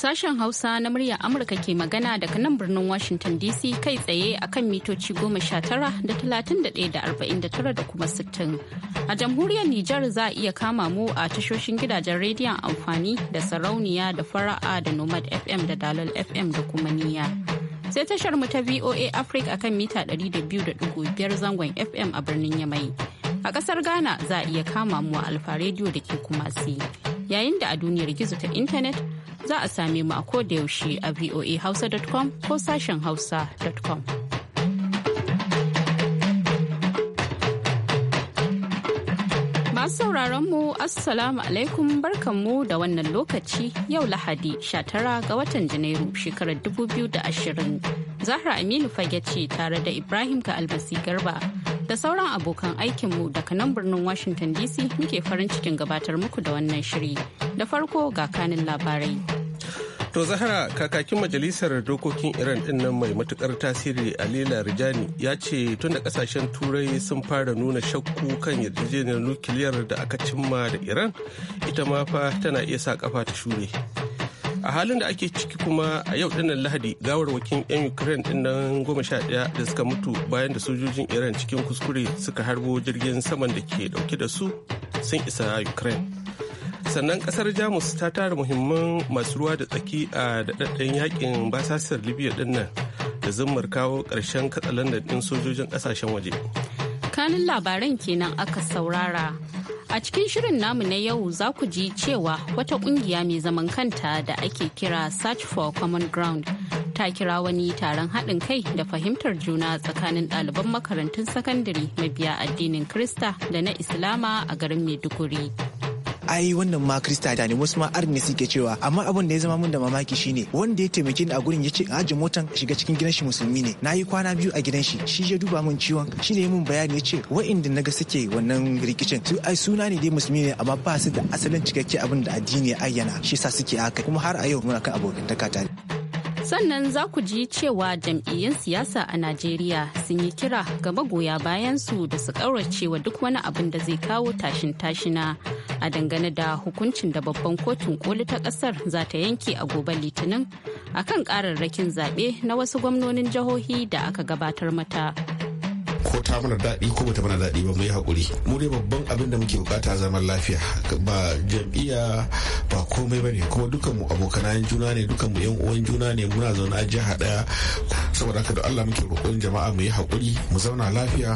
Sashen Hausa na muryar Amurka ke magana daga nan birnin Washington DC kai tsaye a kan mitoci goma sha tara da talatin da ɗaya da arba'in kuma sittin. A jamhuriyar Nijar za a iya kama mu a tashoshin gidajen rediyon amfani da sarauniya da fara'a da Nomad FM da dalal FM da kuma niya. Sai tashar mu ta VOA Africa akan mita 200.5 zangon FM a birnin Yamai. A ƙasar Ghana za a iya kama mu a Alfa Radio da ke Kumasi. yayin da a duniyar gizo ta intanet za a same mu a kodayaushe a voahausa.com ko sashen hausa.com. Masu sauraron mu Assalamu alaikum barkanmu da wannan lokaci yau Lahadi 19 ga watan Janairu shekarar 2020. Zahra Aminu fage ce tare da Ibrahim ka albasi garba da sauran abokan aikinmu daga nan birnin Washington DC muke farin cikin gabatar muku da wannan shiri. Da farko ga kanin labarai. To Zahara kakakin majalisar dokokin Iran din nan mai matukar tasiri Alila Rijani ya ce tun da kasashen turai sun fara nuna shakku kan yarjejeniyar nukiliyar da aka cimma da Iran ita ma fa tana iya sa kafa ta shure. A halin da ake ciki kuma a yau dinnan Lahadi gawar gawarwakin 'yan Ukraine din nan goma sha ɗaya da suka mutu bayan da sojojin Iran cikin kuskure suka harbo jirgin saman da ke dauke da su sun isa Ukraine. sannan kasar jamus ta tara muhimman masu ruwa da tsaki a daɗaɗɗen yakin basasar libya ɗin nan da zummar kawo ƙarshen katsalandan ɗin sojojin ƙasashen waje kanin labaran kenan aka saurara a cikin shirin namu na yau za ku ji cewa wata ƙungiya mai zaman kanta da ake kira search for common ground ta kira wani taron haɗin kai da fahimtar juna tsakanin ɗaliban makarantun sakandare mabiya addinin Krista da na Islama a garin Maiduguri. ai wannan ma krista da ne wasu ma arni suke cewa amma abin da ya zama mun da mamaki shine wanda ya taimake ni a gurin ya ce in aje motan shiga cikin gidan shi musulmi ne na yi kwana biyu a gidan shi shi ya duba mun ciwon shi ne mun bayani ya ce wa'inda na ga suke wannan rikicin su ai suna ne dai musulmi ne amma ba su da asalin cikakke abin da addini ya ayyana shi yasa suke haka kuma har a yau muna kan abokin takata sannan za ku ji cewa jam'iyyun siyasa a najeriya sun yi kira ga magoya bayansu da su ƙaurace wa duk wani abin da zai kawo tashin tashina a dangane da hukuncin da babban kotun koli ta kasar za ta yanke a gobe litinin a kan kararrakin zaɓe na wasu gwamnonin jihohi da aka gabatar mata. ko ta mana daɗi ko bata mana daɗi ba mu yi haƙuri mu dai babban abin da muke bukata zaman lafiya ba jam'iyya ba komai bane kuma dukan mu abokanayen juna ne dukan mu yan uwan juna ne muna zaune a jiha ɗaya saboda haka da Allah muke roƙon jama'a mu yi haƙuri mu zauna lafiya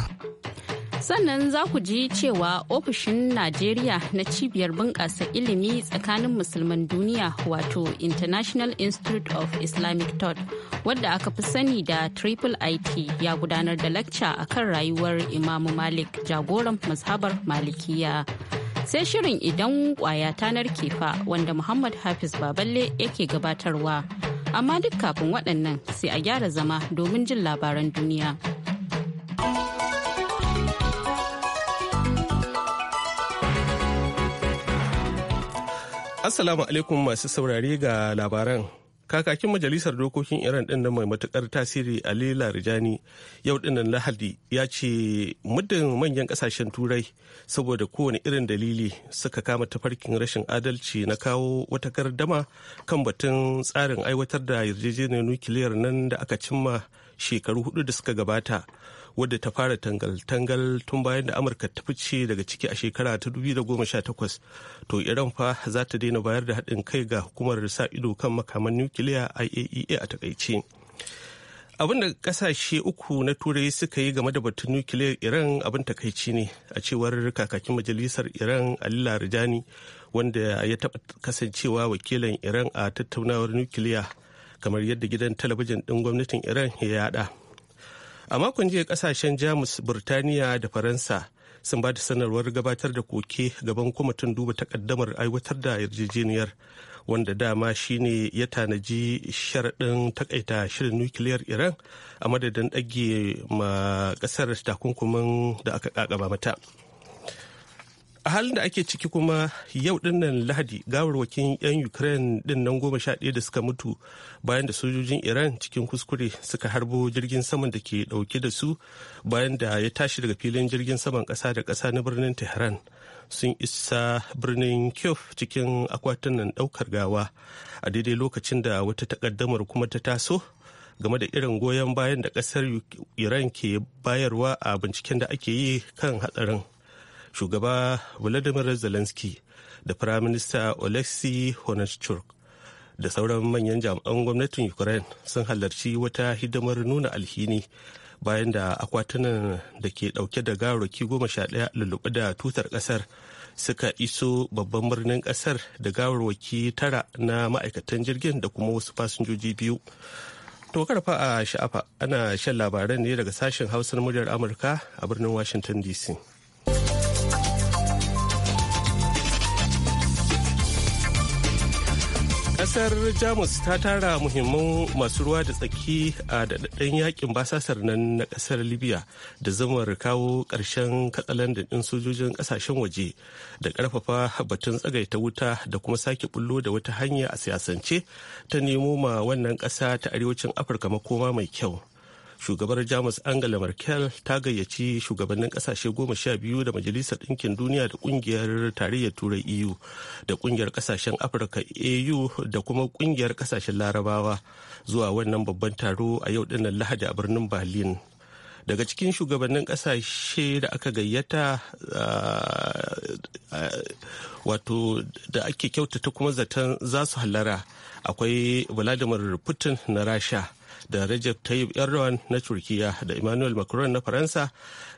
sannan za ku ji cewa ofishin najeriya na cibiyar bunƙasa ilimi tsakanin musulman duniya wato international institute of islamic thought wadda aka fi sani da triple it ya gudanar da lacca kan rayuwar imamu malik jagoran mazhabar malikiya sai shirin idan kwaya tanar kefa wanda muhammad hafiz baballe yake gabatarwa amma duk kafin waɗannan sai a gyara zama domin jin labaran duniya. Assalamu alaikum masu saurari ga labaran. Kakakin Majalisar Dokokin Iran din mai matukar tasiri Ali Larijani yau ɗinnan Lahadi ya ce muddin manyan kasashen Turai saboda kowane irin dalili suka kama tafarkin rashin adalci na kawo wata gardama kan batun tsarin aiwatar da yarjejeniyar nukiliyar nan da aka cimma shekaru hudu da suka gabata. wadda ta fara tangal-tangal tun bayan da amurka ta fice daga ciki a shekara ta 2018 to iran fa za ta daina bayar da haɗin kai ga hukumar sa ido kan makaman nukiliya iaea e a takaice abin da kasashe uku na turai suka yi game da batun nukiliyar iran abin takaici ne a cewar kakakin majalisar iran alila rajani wanda ya taɓa kasancewa wakilin iran a tattaunawar nukiliya kamar yadda gidan talabijin ɗin gwamnatin iran ya yada a makon jiya kasashen jamus burtaniya da faransa sun ba da sanarwar gabatar da koke gaban kwamitin duba takaddamar aiwatar da yarjejeniyar wanda dama shine ya tanaji sharaɗin takaita shirin nukiliyar iran a madadin ɗage ma ƙasar takunkumin da aka ƙaƙaba mata. a halin da ake ciki kuma yau dinnan lahadi gawarwakin 'yan ukraine din nan goma sha ɗaya da suka mutu bayan da sojojin iran cikin kuskure suka harbo jirgin saman da ke ɗauke da su bayan da ya tashi daga filin jirgin saman ƙasa da kasa na birnin tehran sun isa birnin kyuf cikin akwatunan ɗaukar gawa a daidai lokacin da wata takaddamar kuma ta taso game da irin goyon bayan da ƙasar iran ke bayarwa a binciken da ake yi kan hatsarin shugaba Volodymyr Zelensky da Firaminista Oleksiy Honachuk da sauran manyan jami'an gwamnatin Ukraine sun halarci wata hidimar nuna alhini bayan da akwatunan da ke dauke da gawarwaki goma sha ɗaya lulluɓe da tutar ƙasar suka iso babban birnin ƙasar da gawarwaki tara na ma'aikatan jirgin da kuma wasu fasinjoji biyu. To karfa a sha'afa ana shan labaran ne daga sashen hausar muryar Amurka a birnin Washington DC. kasar jamus ta tara muhimman masu ruwa da tsaki a daɗaɗɗen yakin basasar nan na kasar libya da zamar kawo ƙarshen katsalandan ɗin sojojin ƙasashen waje da ƙarfafa batun tsagaita wuta da kuma sake bullo da wata hanya a siyasance ta nemo ma wannan ƙasa ta arewacin afirka makoma mai kyau shugabar jamus angela merkel ta gayyaci shugabannin kasashe goma sha biyu da majalisar ɗinkin duniya da ƙungiyar tarayyar turai eu da ƙungiyar kasashen afirka au da kuma ƙungiyar kasashen larabawa zuwa wannan babban taro a yau dinnan lahadi a birnin berlin daga cikin shugabannin kasashe da aka gayyata ah, ah, wato da ake kyautata kuma zaton za su hallara akwai vladimir putin na rasha da Recep Tayyip Erdogan na turkiyya da Emmanuel Macron na Faransa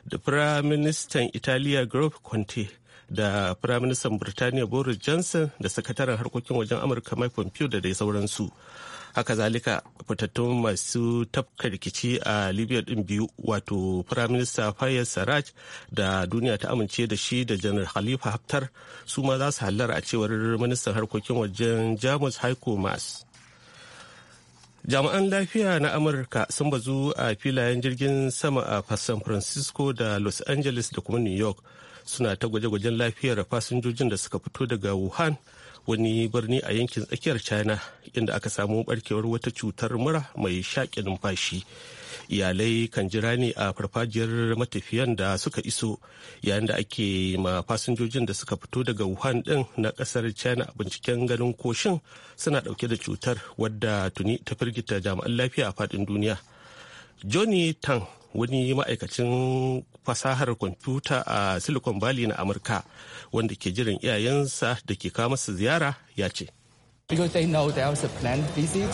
da Firaministan Italiya Group Conte da Firaministan Birtaniya Boris Johnson da Sakataren Harkokin Wajen Amurka Mike Pompeo da dai sauransu. haka zalika fitattun masu tafka rikici a libya ɗin biyu wato firaminista Fayyar saraj da duniya ta amince da shi da janar khalifa haftar su ma za su hallara a cewar ministan harkokin wajen jamus haiko mas jami'an lafiya na amurka sun bazu a filayen jirgin sama a san francisco da los angeles da kuma new york suna ta gwaje-gwajen lafiyar fasinjojin da suka fito daga wuhan wani birni a yankin tsakiyar china inda aka samu barkewar wata cutar mura mai shaƙe numfashi. iyalai kan jira ne a farfajiyar matafiyan da suka iso yayin da ake ma fasinjojin da suka fito daga wuhan din na kasar china a binciken ganin koshin suna dauke da cutar wadda tuni ta firgita jami'an lafiya a fadin duniya johnny tang wani ma'aikacin fasahar kwamfuta a silicon valley na amurka wanda ke jiran iyayensa da ke kawo masa ziyara ya ce because they know there was a planned visit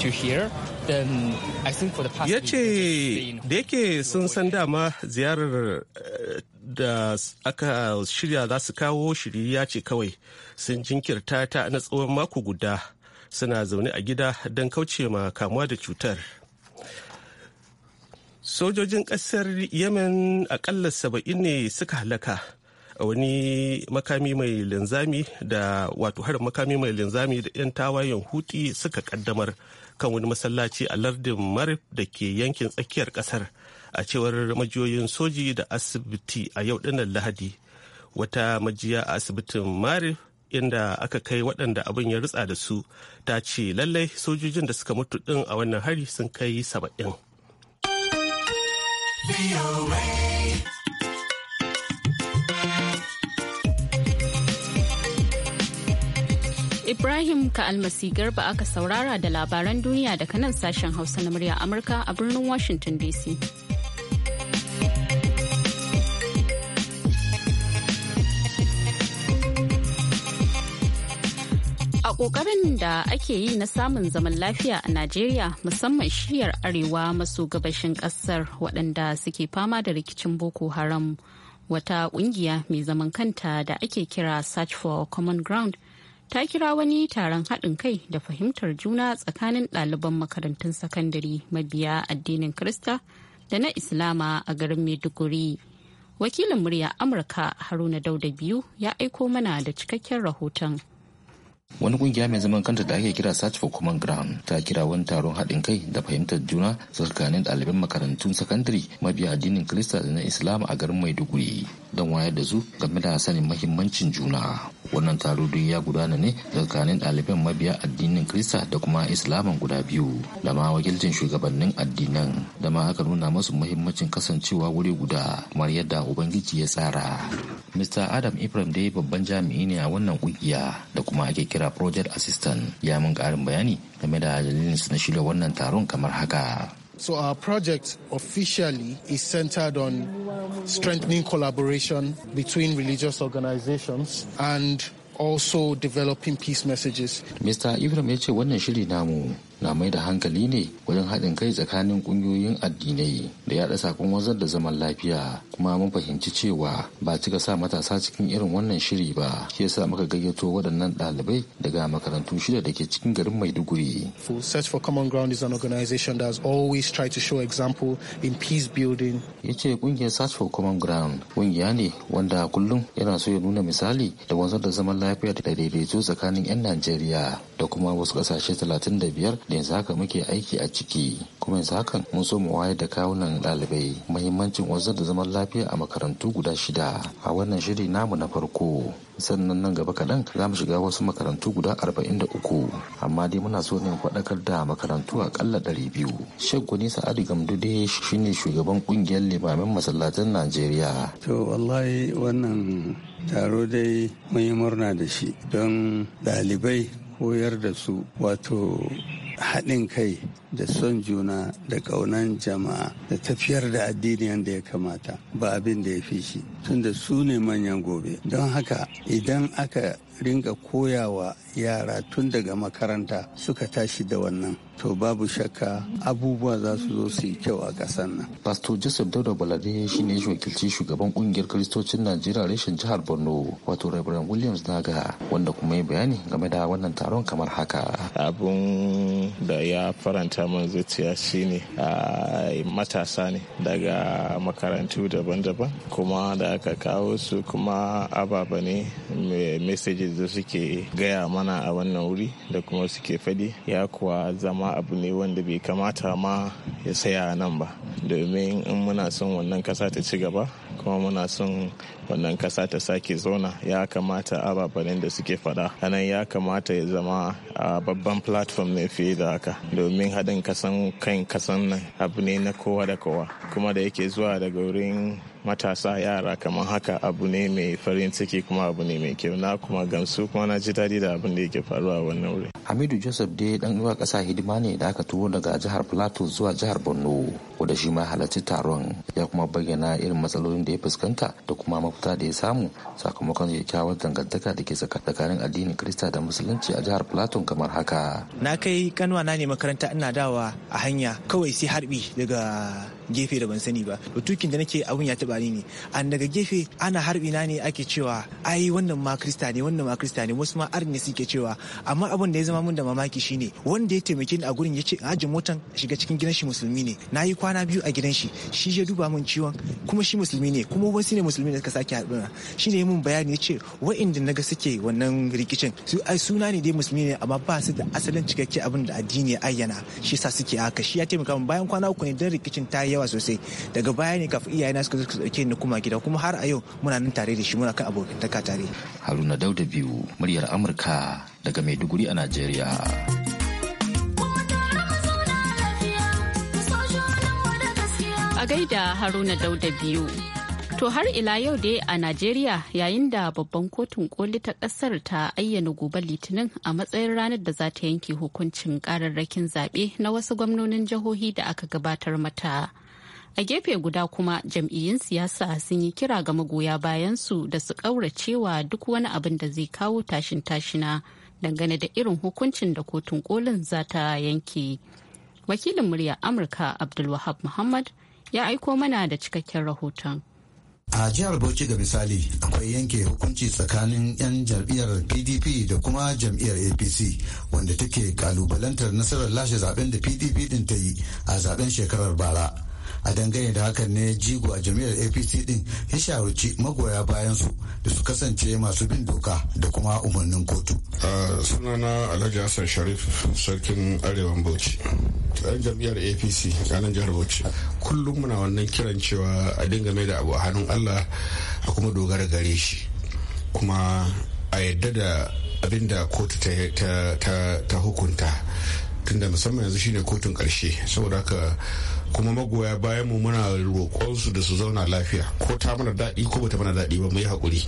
to here ya ce da yake sun san dama ziyarar eh, da aka shirya za su kawo ya ce kawai sun jinkirta ta na tsawon mako guda suna zaune a gida don kauce ma kamuwa da cutar sojojin ƙasar yemen akalla saba'in ne suka halaka a wani makami mai linzami da wato harin makami mai linzami da 'yan tawayen huti suka kaddamar kan wani masallaci a lardin marif da ke yankin tsakiyar kasar a cewar majiyoyin soji da asibiti a yau dinnan lahadi wata majiya a asibitin marif inda aka kai waɗanda abin ya rutsa da su ta ce lallai sojojin da suka mutu ɗin a wannan hari sun kai saba'in. Ibrahim ka almasi Garba aka saurara da labaran duniya daga nan sashen Hausa na murya Amurka a birnin Washington DC. A ƙoƙarin da ake yi na samun zaman lafiya a Najeriya musamman shiyar arewa maso gabashin ƙasar waɗanda suke fama da rikicin Boko Haram wata ƙungiya mai zaman kanta da ake kira Search for Common Ground ta kira wani taron haɗin kai da fahimtar juna tsakanin ɗaliban makarantun sakandare mabiya addinin Krista da na Islama a garin Maiduguri. Wakilin murya Amurka Haruna Dauda biyu ya aiko mana da cikakken rahoton. wani kungiya mai zaman kanta da ake kira search for common ground ta kira wani taron haɗin kai da fahimtar juna tsakanin ɗaliban makarantun sakandare mabiya addinin krista da na islama a garin maiduguri don wayar da su game da sanin mahimmancin juna wannan taro dai ya gudana ne tsakanin ɗaliban mabiya addinin krista da kuma islaman guda biyu da ma wakilcin shugabannin addinan da ma aka nuna masu mahimmancin kasancewa wuri guda kamar yadda ubangiji ya tsara mr adam ibrahim dai babban jami'i ne a wannan ƙungiya, da kuma ake kira project assistant ya mun ƙarin bayani game da dalilin na shirya wannan taron kamar haka So our project officially is centered on strengthening collaboration between religious organizations and also developing peace messages. Mr. Ibrahim na mai da hankali ne wajen haɗin kai tsakanin ƙungiyoyin addinai da yaɗa sakon wazar da zaman lafiya kuma mun fahimci cewa ba cika sa matasa cikin irin wannan shiri ba shi sa muka gayyato waɗannan ɗalibai daga makarantu shida da ke cikin garin Maiduguri. Search for Common Ground is an organization that has always tried to show example in peace building. Yace ƙungiyar Search for Common Ground ƙungiya ne wanda kullum yana so ya nuna misali da wanzar da zaman lafiya da daidaito tsakanin 'yan Najeriya da kuma wasu ƙasashe 35 da yanzu haka muke aiki a ciki kuma yanzu haka mun so mu wayar da kawunan ɗalibai mahimmancin wanzar da zaman lafiya a makarantu guda shida a wannan shiri namu na farko sannan nan gaba kaɗan za mu shiga wasu makarantu guda arba'in da uku. amma dai muna so ne faɗakar da makarantu a ɗari biyu 200 shagwani sa'adu gamdude shine shugaban ƙungiyar limamin masallatan najeriya to wallahi wannan taro dai mun yi murna da shi don ɗalibai koyar da su wato 肯定可以。da son juna da ƙaunan jama'a da tafiyar da addini yadda ya kamata ba abin da ya fi shi tun da su ne manyan gobe don haka idan aka ringa koyawa yara tun daga makaranta suka tashi da wannan to babu shakka abubuwa za su zo su yi kyau a ƙasar nan. Pastor Joseph Dauda Balade shi ne wakilci shugaban kungiyar Kiristocin Najeriya reshen jihar Borno wato Reverend Williams Daga wanda kuma yi bayani game da wannan taron kamar haka. Abun da ya faranta ta min zuciya shine a ah, matasa ne daga makarantu daban-daban kuma da aka kawo su kuma ababa ne messages da suke gaya mana a wannan wuri da kuma suke fadi ya kuwa zama abu ne wanda bai kamata ma ya saya nan ba domin in muna son wannan kasa ta ci gaba kuma muna son wannan kasa ta sake zauna ya kamata ababen da suke fada anan ya kamata ya zama a babban platform ne fiye da haka domin haɗin kasan kan kasan nan abu ne na kowa da kowa kuma da yake zuwa daga wurin matasa yara kamar haka abu ne mai farin ciki kuma abu ne mai kyau na kuma gamsu kuma na ji daɗi da abin da yake faruwa wannan wuri. Hamidu Joseph dai dan uwa ƙasa hidima ne da aka turo daga jihar Plateau zuwa jihar Borno wanda shi ma halarci taron ya kuma bayyana irin matsalolin da ya fuskanta da kuma mafita da ya samu sakamakon kyakkyawar dangantaka da ke tsakanin addinin Kirista da Musulunci a jihar Plateau kamar haka. Na kai kanwa na ne makaranta ina dawa a hanya kawai sai harbi daga gefe da ban sani ba to tukin da nake abun ya taba ni ne an daga gefe ana harbi na ne ake cewa ai wannan ma krista ne wannan ma krista ne wasu ma arni suke cewa amma abun da ya zama mun da mamaki shine wanda ya taimake ni a gurin ya ce ajin motan shiga cikin gidan shi musulmi ne na kwana biyu a gidan shi shi ya duba mun ciwon kuma shi musulmi ne kuma wasu ne musulmi da suka sake haɗuna shi ne mun bayani ya ce wa'inda naga suke wannan rikicin su ai suna ne dai musulmi ne amma ba su da asalin cikakke abin da addini ya ayyana shi sa suke haka shi ya taimaka mun bayan kwana uku ne dan rikicin ta yi yawa sosai daga baya ne kafin iyaye na suka dauke ni kuma gida kuma har a yau muna nan tare da shi muna kan abokantaka tare haruna dauda biyu muryar amurka daga maiduguri a najeriya a gaida haruna dauda biyu To har ila yau dai a Najeriya yayin da babban kotun koli ta kasar ta ayyana gobe litinin a matsayin ranar da za ta yanke hukuncin kararrakin zaɓe na wasu gwamnonin jihohi da aka gabatar mata. a gefe guda kuma jam'iyyun siyasa sun yi kira ga magoya bayan su da su ƙauracewa duk wani abin da zai kawo tashin tashina dangane da irin hukuncin da kotun kolin za ta yanke wakilin murya amurka abdulwahab muhammad ya aiko mana da cikakken rahoton a jihar bauchi ga misali akwai yanke hukunci tsakanin 'yan jam'iyyar pdp da kuma jam'iyyar apc wanda take kalubalantar nasarar lashe zaben da pdp din ta yi a zaben shekarar bara a dangane da hakan ne jigo a jami'ar apc din ya shawarci magoya bayan su da su kasance masu bin doka da kuma umarnin kotu sunana alhaji hassan sharif sarkin arewan bauchi ɗan jami'ar apc ganin jihar bauchi kullum muna wannan kiran cewa a dinga mai da abu a hannun allah a kuma dogara gare shi kuma a yadda da abin da kotu ta hukunta tunda musamman yanzu shine kotun karshe saboda haka kuma magoya bayan mu muna roƙon su da su zauna lafiya ko ta mana daɗi ko bata mana daɗi ba mu yi hakuri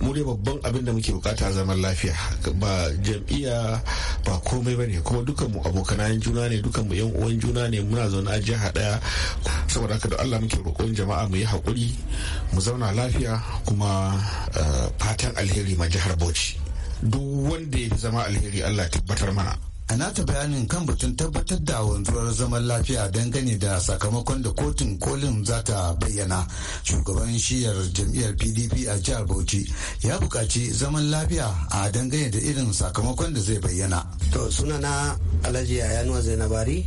mu dai babban abin da muke bukata zaman lafiya ba jam'iyya ba komai bane kuma dukan mu abokanayen juna ne dukan mu yan uwan juna ne muna zauna jiha ɗaya saboda haka da Allah muke roƙon jama'a mu yi hakuri mu zauna lafiya kuma eh, fatan alheri ma jihar Bauchi duk wanda ya zama alheri Allah ya tabbatar mana a nata bayanin kan batun tabbatar da wanzuwar zaman lafiya dangane da sakamakon da kotun kolin za ta bayyana shugaban shiyar jam'iyyar pdp a jihar bauchi ya buƙaci zaman lafiya a dangane da irin sakamakon da zai bayyana to suna na alhaji yayanuwa zainabari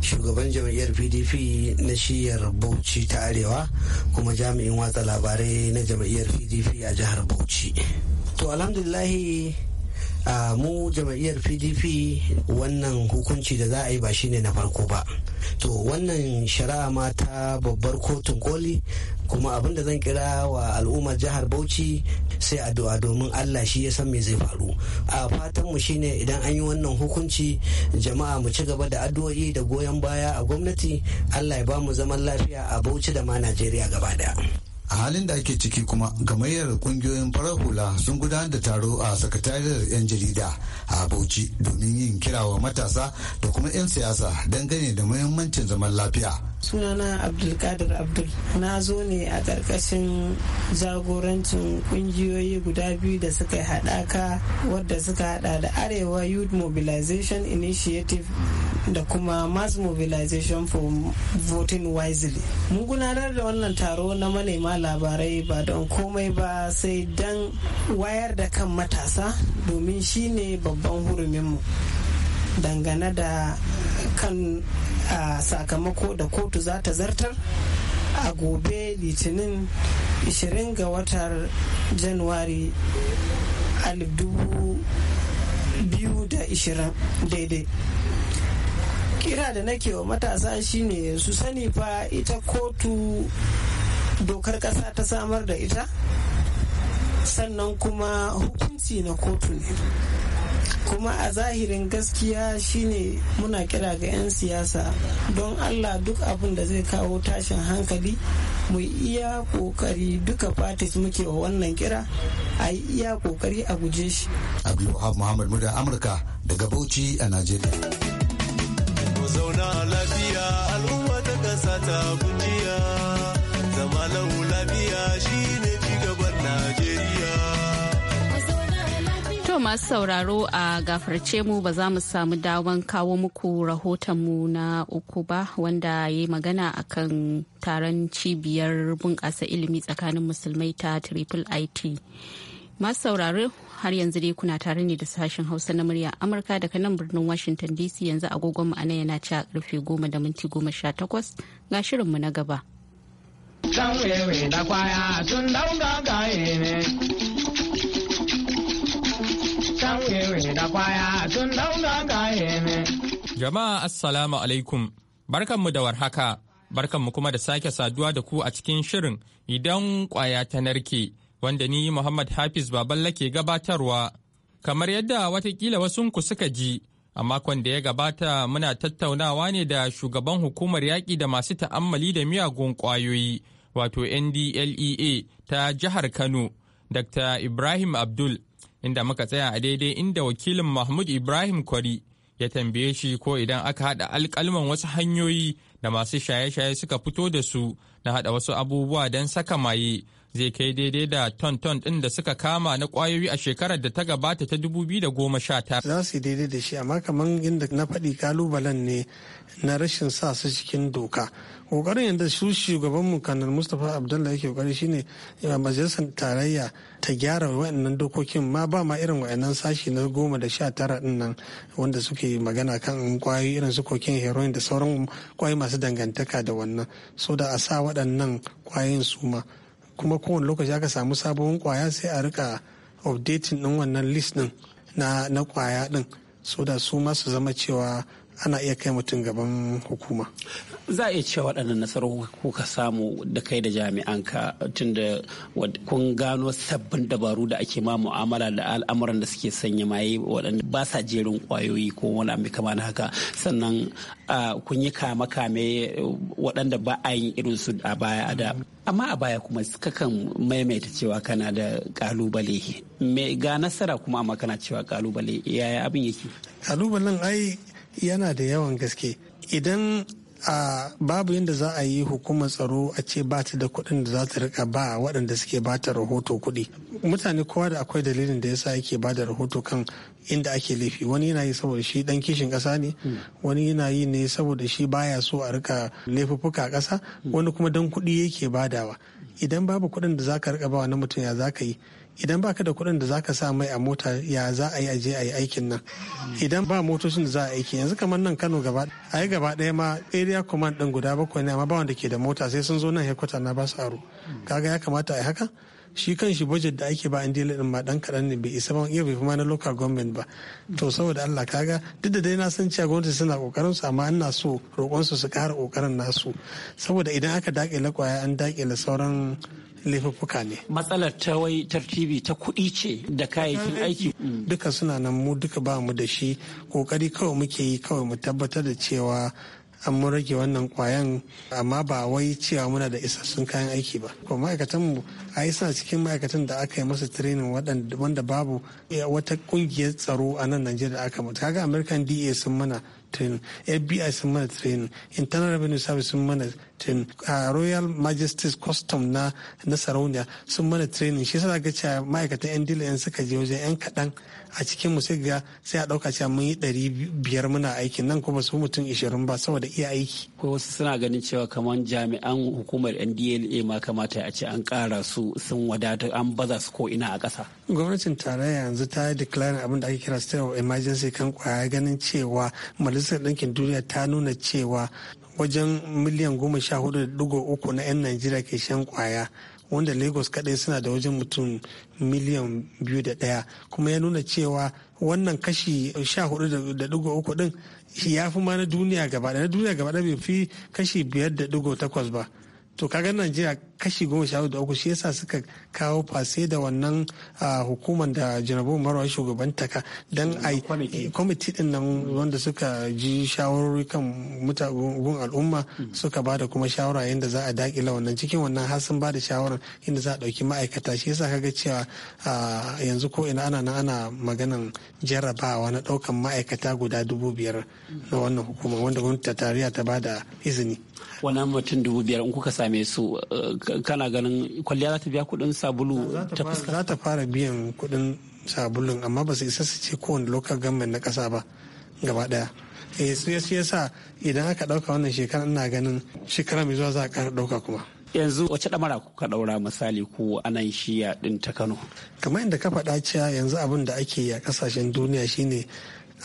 shugaban jam'iyyar pdp na shiyar bauchi ta arewa kuma jami'in watsa labarai na jam'iyyar pdp a jihar bauchi to alhamdulillahi A mu jam'iyyar pdp wannan hukunci da za a yi ba shine na farko ba to wannan shari'a ma ta babbar kotun koli kuma abin da zan kira wa al'ummar jihar bauchi sai addu'a domin allah shi ya san me zai faru a fatan mu shine idan an yi wannan hukunci jama'a mu ci gaba da addu'o'i da goyon baya a gwamnati allah ya ba mu zaman lafiya a bauchi da ma najeriya gaba daya a halin da ake ciki kuma gamayyar kungiyoyin farar hula sun gudanar da taro a sakatariyar 'yan jarida a bauchi domin yin kirawa matasa da kuma 'yan siyasa dangane da muhimmancin zaman lafiya sunana abdulkadir abdul na zo ne a ƙarƙashin jagorancin ƙungiyoyi guda biyu da suka yi haɗaka wadda suka haɗa da arewa youth mobilization initiative da kuma mass mobilization for voting wisely mu gudanar da wannan taro na manema labarai ba don komai ba sai don wayar da kan matasa domin shine babban hurumin mu. dangane da kan a sakamako da kotu za ta zartar a gobe litinin 20 ga watar januwari 2020 daidai kira da nake wa matasa shine su sani fa ita kotu dokar kasa ta samar da ita sannan kuma hukunci na kotu ne kuma a zahirin gaskiya shine muna kira ga 'yan siyasa don allah duk abin da zai kawo tashin hankali mu iya kokari duka fatis muke wa wannan kira a yi iya kokari a guje shi abdulwahab muhammad muda amurka daga bauchi a najeriya zauna lafiya al'umma ta kasa ta To masu sauraro a gafarce mu ba za mu samu dawan kawo muku rahotonmu na uku ba wanda ya yi magana akan taron cibiyar bunƙasa ilimi tsakanin musulmai ta triple IT. Masu sauraro har yanzu dai kuna tare ne da sashen Hausa na murya Amurka daga nan birnin Washington DC yanzu agogon mu ana yana ci a karfe goma da minti goma sha takwas ga shirinmu na gaba. Jama'a Assalamu alaikum, barkanmu da warhaka, barkanmu kuma da sake saduwa da ku a cikin shirin idan kwaya ta narke, wanda ni Muhammad Hafiz Baballa ke gabatarwa. Kamar yadda watakila wasunku suka ji, a makon da ya gabata muna tattaunawa ne da shugaban hukumar yaƙi da masu ta'ammali da miyagun ƙwayoyi, wato NDLEA ta jihar Kano, Dr. Ibrahim Abdul. inda muka tsaya a daidai inda wakilin Mahmud Ibrahim Kwari ya tambaye shi ko idan aka haɗa alkalman wasu hanyoyi da masu shaye-shaye suka fito da su na haɗa wasu abubuwa don saka maye zai kai daidai da ton-ton ɗin da suka kama na kwayoyi a shekarar da ta gabata ta 2019. Za su yi daidai da shi amma kamar inda na faɗi kalubalen ne na rashin sa su cikin doka. Ƙoƙarin yadda su shugaban mu kanar Mustapha Abdullah yake ƙoƙari shine eh, majalisar tarayya ta gyara waɗannan dokokin ma ba ma irin waɗannan sashi na goma da sha tara ɗin nan wanda suke magana kan ƙwayoyi irin su kokin heroin da sauran ƙwayoyi masu dangantaka da wannan so da a sa waɗannan ƙwayoyin su ma. kuma kowane lokaci aka samu sabon kwaya sai a rika updating din wannan list din na, kwaya din so da su masu zama cewa ana iya kai mutum gaban hukuma za a iya cewa waɗannan nasarar kuka samu da kai da jami'anka tun da kun gano sabbin dabaru da ake ma mu'amala da al'amuran da suke sanya maye waɗanda ba sa jerin kwayoyi ko wani abu kama na haka sannan kun yi kame kame waɗanda ba a yin irin su a baya da amma a baya kuma suka kan maimaita cewa kana da kalubale ga nasara kuma amma kana cewa kalubale yaya abin yake kalubalen ai yana da yawan gaske idan a babu yadda za a yi hukumar tsaro a ce ba ta da kuɗin da za ta rika ba waɗanda suke ba ta rahoto kuɗi mutane kowa da akwai dalilin da yasa yake ba da rahoto kan inda ake laifi wani yana yi saboda shi dan kishin ƙasa ne wani yana yi ne saboda shi baya so a rika laifuffuka a ƙasa wani kuma dan kuɗi yake badawa idan babu kuɗin da za ka rika ba wani mutum ya za ka yi idan baka da kuɗin da zaka sa mai a mota ya za a yi aje a yi aikin nan idan ba motocin da za a aiki yanzu kamar nan kano gaba a yi gaba ɗaya ma area command ɗin guda bakwai ne amma ba wanda ke da mota sai sun zo nan hekwata na ba su aro kaga ya kamata a yi haka shi kan shi budget da ake ba an dila din ma dan kaɗan ne bai isa ba iya bai ma na local government ba to saboda Allah kaga duk da dai na san cewa gwamnati suna kokarin su amma ina so roƙon su su ƙara kokarin nasu saboda idan aka dakile kwaya an dakile sauran laifuffuka ne. Matsalar ta wai tartibi ta kuɗi ce da kayayyakin mm. aiki. Mm. Duka suna nan mu duka ba mu da shi kokari kawai muke yi kawai mu tabbatar da cewa an mun rage wannan kwayan amma ba wai cewa muna da isassun kayan aiki ba ko ma'aikatan mu a yi suna cikin ma'aikatan da aka yi masa tirenin wanda babu eh, wata ƙungiyar tsaro a nan najeriya aka mutu kaga american da sun mana training fbi sun mana training internal revenue service sun mana training a royal majesty's custom na na sarauniya sun mana training shi yasa ga cewa ma'aikatan yan dila yan suka je wajen yan kaɗan a cikin mu sai ga sai a dauka cewa mun yi ɗari biyar muna aiki nan kuma su mutum ishirin ba saboda iya aiki. ko wasu suna ganin cewa kamar jami'an hukumar ndla ma kamata a ce an ƙara su sun wadatar an baza su ko ina a ƙasa. gwamnatin tarayya yanzu ta yi declaring abin da ake kira state of emergency kan kwaya ganin cewa majalisar ɗinkin duniya ta nuna cewa wajen miliyan goma sha hudu da dugo uku na 'yan najeriya ke shan kwaya wanda lagos kadai suna da wajen mutum miliyan biyu da daya kuma ya nuna cewa wannan kashi sha hudu da dugo uku din ya fi ma na duniya gaba na duniya gaba bai fi kashi biyar da dugo takwas ba to kaga najeriya kashi goma sha da uku shi yasa suka kawo fase da wannan hukumar da janabu marwa shugaban taka don a kwamiti din nan wanda suka ji shawarori kan mutagun al'umma hmm. suka ba da kuma shawara yadda za a dakila wannan cikin wannan har sun ba da shawarar inda za a dauki ma'aikata shi yasa kaga cewa yanzu ko ina ana nan ana maganan jarrabawa na daukan ma'aikata guda dubu biyar na wannan hukuma wanda gwamnati ta tarayya ta ba da izini wannan mutum dubu biyar in kuka same su eh, kana ganin kwalliya za ta biya kuɗin sabulu ta fuska za ta fara biyan kuɗin sabulun amma ba su isa su ce kowane local government na kasa ba gaba ɗaya eh su yasa idan aka ɗauka wannan shekara ina ganin shekara mai zuwa za a kara ɗauka kuma yanzu wace damara kuka daura misali ko anan shiya din ta kano kamar yadda ka faɗa cewa yanzu abin da ake yi a kasashen duniya shine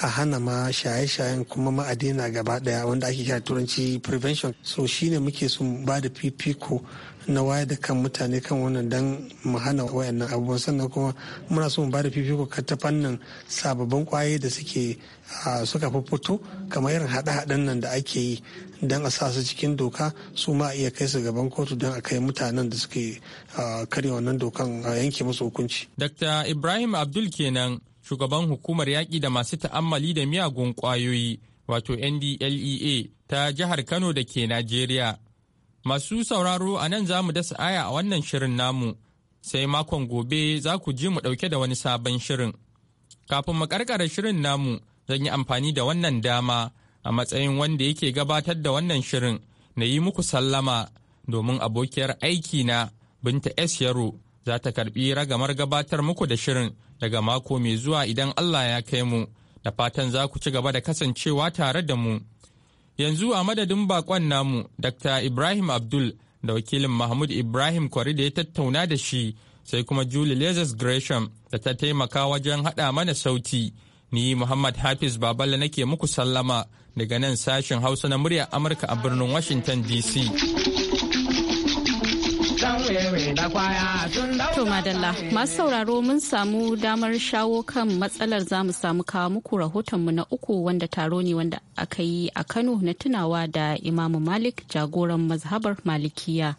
a hana ma shaye-shayen kuma ma'adina gaba daya wanda ake kira turanci prevention so shine muke sun ba da fifiko na waye da kan mutane kan wannan dan mu hana wayannan abubuwan sannan kuma muna so mu ba da fifiko ta fannin sababbin kwaye da suke suka fito kamar irin haɗe-haɗen nan da ake yi don a sa su cikin doka su ma iya kai su gaban kotu don a kai mutanen da suke karya wannan dokan a yanke musu hukunci. Dr. Ibrahim Abdul kenan shugaban hukumar yaƙi da masu ta'ammali da miyagun ƙwayoyi wato ndlea ta jihar kano da ke najeriya masu sauraro a nan za mu dasa aya a wannan shirin namu sai makon gobe za ku ji mu ɗauke da wani sabon shirin kafin mu ƙarƙara shirin namu zan yi amfani da wannan dama a matsayin wanda yake gabatar da wannan shirin na yi muku sallama domin abokiyar aiki na binta s yaro za ta karbi ragamar gabatar muku da shirin daga mako mai zuwa idan Allah ya kai mu, da fatan za ku ci gaba da kasancewa tare da mu. Yanzu a madadin bakon namu, Dr. Ibrahim Abdul da wakilin Mahmud Ibrahim Kwari da ya tattauna da shi, sai kuma Julie Lazarus Gresham da ta taimaka wajen haɗa mana sauti. Ni Muhammad Hafiz Baballa nake muku sallama daga nan sashen Hausa na muryar Amurka a birnin Washington DC. To Madalla, masu sauraro mun samu damar shawo kan matsalar za mu samu kawo muku rahotonmu na uku wanda taro ne wanda aka yi a Kano na tunawa da Imamu Malik jagoran mazhabar Malikiya.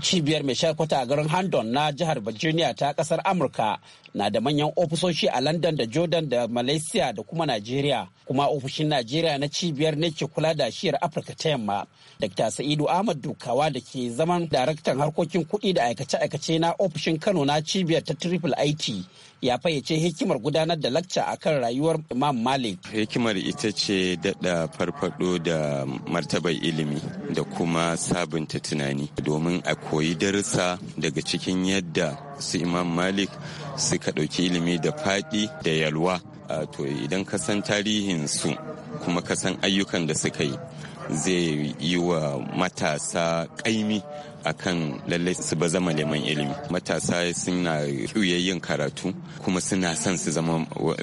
cibiyar mai shakwata a garin handon na jihar virginia ta kasar amurka na da manyan ofisoshi a london da jordan da malaysia da kuma nigeria kuma ofishin nigeria na cibiyar ne ke kula da shiyar afirka ta yamma dr sa'idu ahmad dukawa da ke zaman daraktan harkokin kuɗi da aikace-aikace na ofishin kano na cibiyar ta triple it ya fayyace hikimar gudanar da lacca akan rayuwar imam malik hikimar ita ce daɗa farfado da martabar ilimi da kuma sabunta tunani domin koyi darussa daga cikin yadda su imam malik suka ɗauki ilimi da faɗi da yalwa to idan ka san tarihinsu kuma ka san ayyukan da suka yi zai yi wa matasa ƙaimi a kan lallai su ba zama neman ilimi matasa suna yin karatu kuma suna son su zama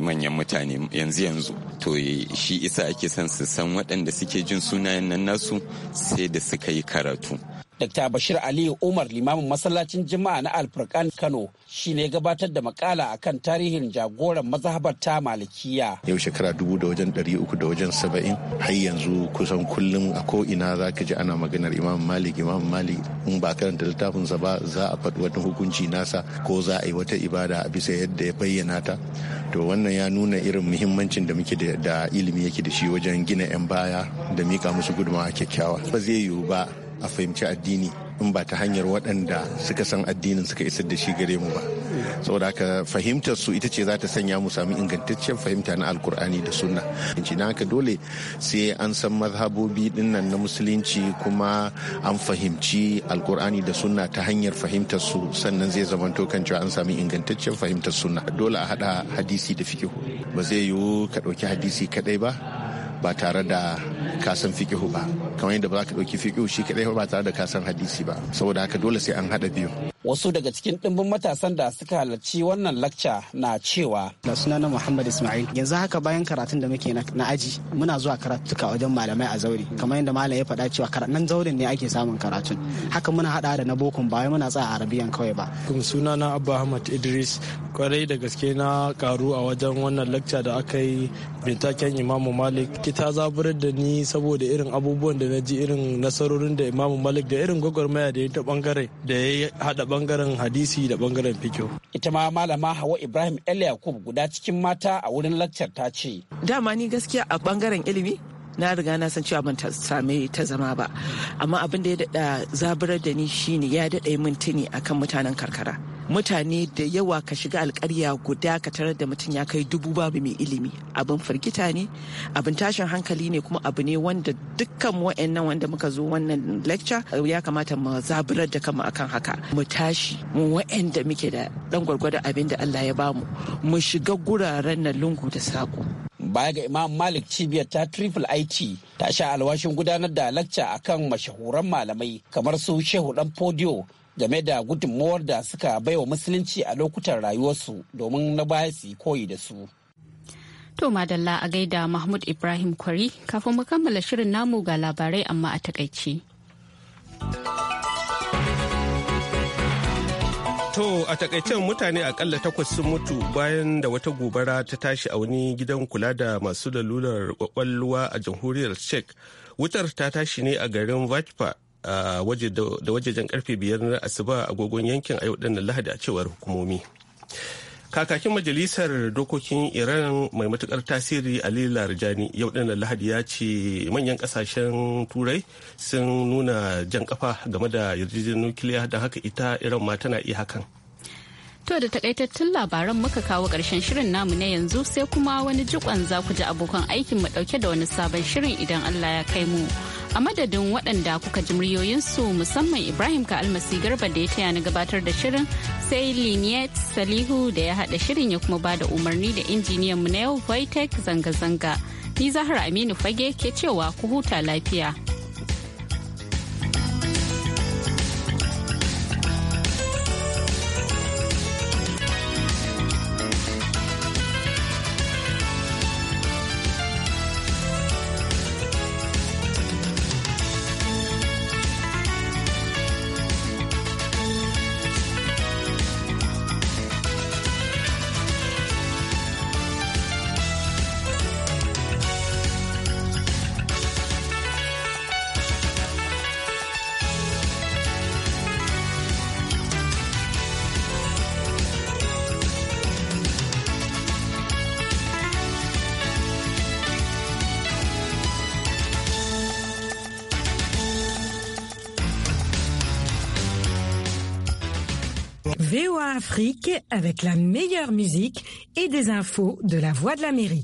manyan mutane yanzu yanzu to shi isa ake son su san waɗanda suke jin sunayen nan nasu sai da suka yi karatu Dr. Bashir Aliyu Umar limamin masallacin Juma'a na Alfurkan Kano shi ne gabatar da makala akan tarihin jagoran mazhabar ta malikiya. Yau shekara dubu da wajen ɗari uku da wajen saba'in har yanzu kusan kullum a ko ina za ka ji ana maganar Imam Malik Imam Malik in ba karanta littafinsa ba za a faɗi wani hukunci nasa ko za a yi wata ibada a bisa yadda ya bayyana ta. To wannan ya nuna irin muhimmancin da muke da ilimi yake da shi wajen gina 'yan baya da mika musu gudunmawa kyakkyawa. Ba zai yiwu ba a fahimci addini in ba ta hanyar waɗanda suka san addinin suka isar da shi gare mu ba saboda haka fahimtar su ita ce za ta sanya mu sami ingantaccen fahimta na alkur'ani da sunna in haka dole sai an san mazhabobi dinnan na musulunci kuma an fahimci alkur'ani da sunna ta hanyar fahimtar su sannan zai zamanto kan cewa an sami ingantaccen fahimtar sunna dole a haɗa hadisi da fikihu ba zai yiwu ka ɗauki hadisi kaɗai ba ba tare da kasan fikihu ba kamar yadda ba za ka ɗauki fiƙo shi kaɗai ba tare da kasan hadisi ba saboda haka dole sai an haɗa biyu. Wasu daga cikin ɗimbin matasan da suka halarci wannan lakca na cewa. Da sunana Muhammad Ismail yanzu haka bayan karatun da muke na aji muna zuwa karatuka wajen malamai a zaure kamar yadda malam ya faɗa cewa karatun zauren ne ake samun karatun haka muna haɗa da na bokun ba muna tsaya arabiyan kawai ba. Kuma sunana Abba Ahmad Idris kwarai da gaske na karu a wajen wannan lakca da aka yi bintaken Imamu Malik kita zaburar da ni saboda irin abubuwan da da na ji irin nasarorin da imamu malik da irin gwagwarmaya da ya ta bangare da ya hada bangaren hadisi da bangaren fikyo. ita ma malama hawa ibrahim el yakub guda cikin mata a wurin laccar ta ce dama ni gaskiya a bangaren ilimi na riga na san cewa ban same ta zama ba amma abin da ya dada zaburar da ni shine ya dada min mintuni akan mutanen karkara mutane da yawa ka shiga alkarya guda ka tarar da mutum ya kai dubu babu mai ilimi abin firgita ne abin tashin hankali ne kuma abu ne wanda dukkan wa'annan wanda muka zo wannan lecture ya kamata mu zaburar da kanmu akan haka mu tashi mu wa'anda muke da dan gwargwada abin da Allah ya bamu mu shiga guraren na lungu da sako baya ga imam malik cibiyar ta triple it ta sha alwashin gudanar da lacca akan mashahuran malamai kamar su shehu dan podio game da gudunmawar da suka bai wa musulunci a lokutan rayuwarsu domin na baya su yi koyi da su. To madalla a gaida Mahmud Ibrahim Kwari kafin mu kammala shirin namu ga labarai amma a takaice. To a takaicen mutane akalla takwas sun mutu bayan da wata gobara ta tashi a wani gidan kula da masu lalurar kwakwalwa a jamhuriyar Czech. Wutar ta tashi ne a garin Vajpa da wajejen karfe biyar na asuba agogon yankin a yau lahadi a cewar hukumomi kakakin majalisar dokokin iran mai matukar tasiri ali larjani yau ɗin lahadi ya ce manyan ƙasashen turai sun nuna jan kafa game da yarjejeniyar nukiliya don haka ita iran ma tana iya hakan To da takaitattun labaran muka kawo ƙarshen shirin namu na yanzu sai kuma wani jikon za ku ji abokan aikin mu ɗauke da wani sabon shirin idan Allah ya kai mu. A madadin waɗanda kuka ji muryoyinsu musamman Ibrahim ka almasi garba da ya taya na gabatar da shirin sai Liniet Salihu da ya haɗa shirin ya kuma bada umarni da injiniyan mu na yau Vitek zanga-zanga. Ni Zahra Aminu Fage ke cewa ku huta lafiya. avec la meilleure musique et des infos de la Voix de l'Amérique.